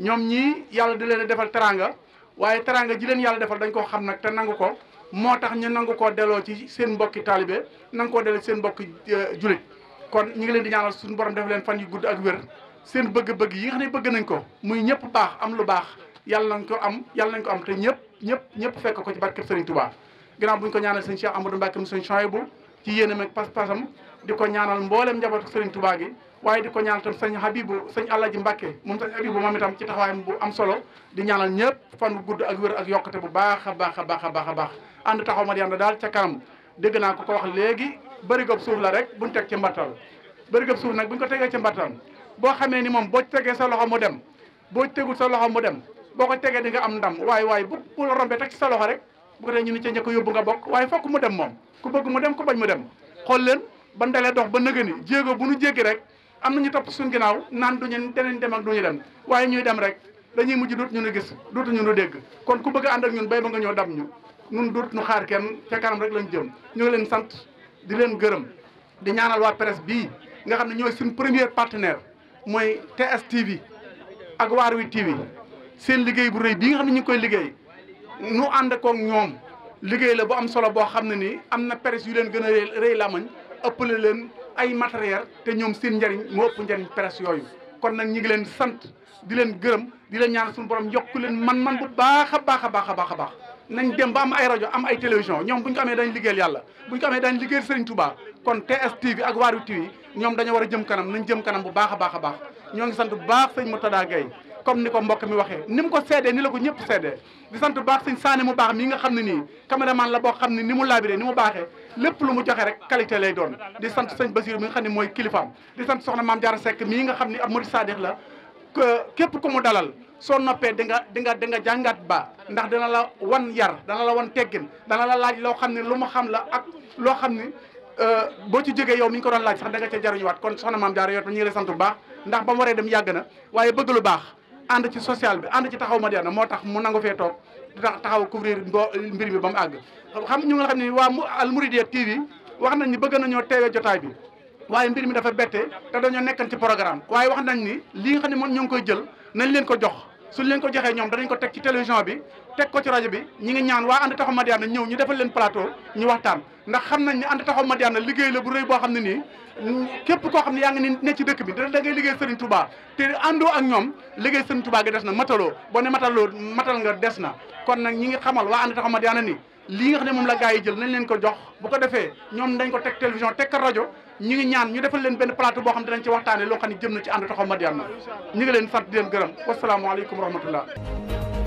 ñoom ñii yàlla di leen defal teranga waaye teranga ji leen yàlla defal dañ koo xam nag te nangu ko moo tax ñu nangu koo delloo ci seen mbokki taalibe nangu koo delloo ci seen mbokki euh, julit kon ñu ngi leen di ñaanal suñu borom def leen fan yi gudd ak wér seen bëgg-bëgg yi nga xam bëgg nañ ko muy ñëpp baax am lu baax yàlla nañ ko am yàlla nañ ko am te ñëpp ñëpp ñëpp fekk ko ci barkeb Serigne Touba ko ñaanal sëñ Cheikh Amadou Mbacke mu sëñ Chouaïbou ci yéenam di ko ñaanal mboolem njabootu Serigne Touba waaye di ko ñaanal tam sëñ Habibu sëñ Alaji Mbàkke moom sëñ Habibu moom itam ci taxawaayam bu am solo di ñaanal ñëpp fan bu gudd ak wér ak yokkate bu baax a baax a baax a baax a baax ànd taxaw ma di ànd daal ca kanam dégg naa ko ko wax léegi bërigob suuf la rek bu buñ teg ci mbattal bërigob suuf nag buñ ko tegee ci mbattal boo xamee ni moom boo tegee sa loxo mu dem boo tegul sa loxo mu dem boo ko tegee di nga am ndam waaye waaye bu bu la rombee teg ci sa loxo rek bu ko ñu ni ca njëkk yóbbu nga bokk waaye fokk mu dem moom ku bëgg dem ku bañ mu dem xool leen ban dalee dox ba nëgëni jéego bu nu jéggi rek am na ñu topp suñ ginnaaw naan duñu danañ dem ak duñu dem waaye ñuy dem rek dañuy mujj dootu ñu nu gis dootu ñu nu dégg kon ku bëgg a ànd ak bay ba nga ñoo dab ñu nun dootu ñu xaar kenn ca kanam rek lañ jëm ñu ngi leen sant di leen gërëm di ñaanal waa presse bii nga xam ne ñooy suñ premier partenaire mooy TSTV ak Waar wi TV seen liggéey bu rëy bi nga xam ne ñu koy liggéey nu ànd koog ñoom liggéey la boo am solo boo xam ne nii am na presse yu leen gën a rëy lamañ ëppale leen ay matériel te ñoom seen njariñ moo ëpp njariñ presse yooyu kon nag ñi ngi leen sant di leen gërëm di leen ñaan suñu borom yokk leen man-man bu baax a baax a baax a baax baax nañ dem ba am ay rajo am ay télévision ñoom bu ñu ko amee dañ liggéeyal yàlla bu ñu ko amee dañ liggéeyal Serigne Touba kon TSTV ak Waarwi TV ñoom dañoo war a jëm kanam nañ jëm kanam bu baax a baax a baax ñoo ngi sant bu baax sëñ Murtada Gaye comme ni ko mbokk mi waxee ni mu ko seedee ni la ko ñëpp seedee di sant baax sëñ saane nga xam ne nii caméraman la boo xam ne ni mu laabiree ni mu baaxee lépp lu mu joxe rek qualité lay doon di sant sëñ Basiir mi nga ne mooy kilifaam di sant soxna maam Jaara Seck mii nga xam ne ab murid saadix la képp ku mu dalal soo noppee di nga di nga di nga jàngat ba ndax dana la wan yar dana la wan teggin dana la laaj loo xam ne lu mu xam la ak loo xam ne euh, boo ci jógee yow mi ñu ko doon laaj sax da nga ca jariñu kon soxna maam Jaara yow ñu ngi lay sant baax ndax ba waree dem yàgg na waaye bëgg lu baax ànd ci social bi ànd ci taxaw ma Madiyana moo tax mu nangu fee toog di taxaw couvrir mbir mi ba mu àgg xam ñu nga xam ne waa Al Mouridiyyah TV wax nañ ni bëgg nañoo teewee jotaay bi waaye mbir mi dafa bette te dañoo nekkan ci programme waaye wax nañ ni li nga xam ne moom ñoo ngi koy jël nañ leen ko jox suñ leen ko joxee ñoom danañ ko teg ci télévision bi teg ko ci rajo bi ñi ngi ñaan waa ànd taxaw Madyana ñëw ñu defal leen plateau ñu waxtaan ndax xam nañ ne ànd taxaw Madyana liggéey la bu rëy boo xam ne nii képp koo xam ne yaa ngi ni ne ci dëkk bi da ngay liggéey Serigne Touba te àndoo ak ñoom liggéey Serigne Touba gi des na mataloo boo ne mataloo matal nga des na kon nag ñi ngi xamal waa ànd taxaw Madyana nii li nga xam ne moom la gars yi jël nañ leen ko jox bu ko defee ñoom dañ ko teg télévision teg ko rajo ñu ngi ñaan ñu defal leen benn plateau boo xam ne dañ ci waxtaanee loo xam ne jëm na ci ànd taxaw Madiyana ñu ngi leen fat di leen gërëm wasalaamualeykum wa rahmatullah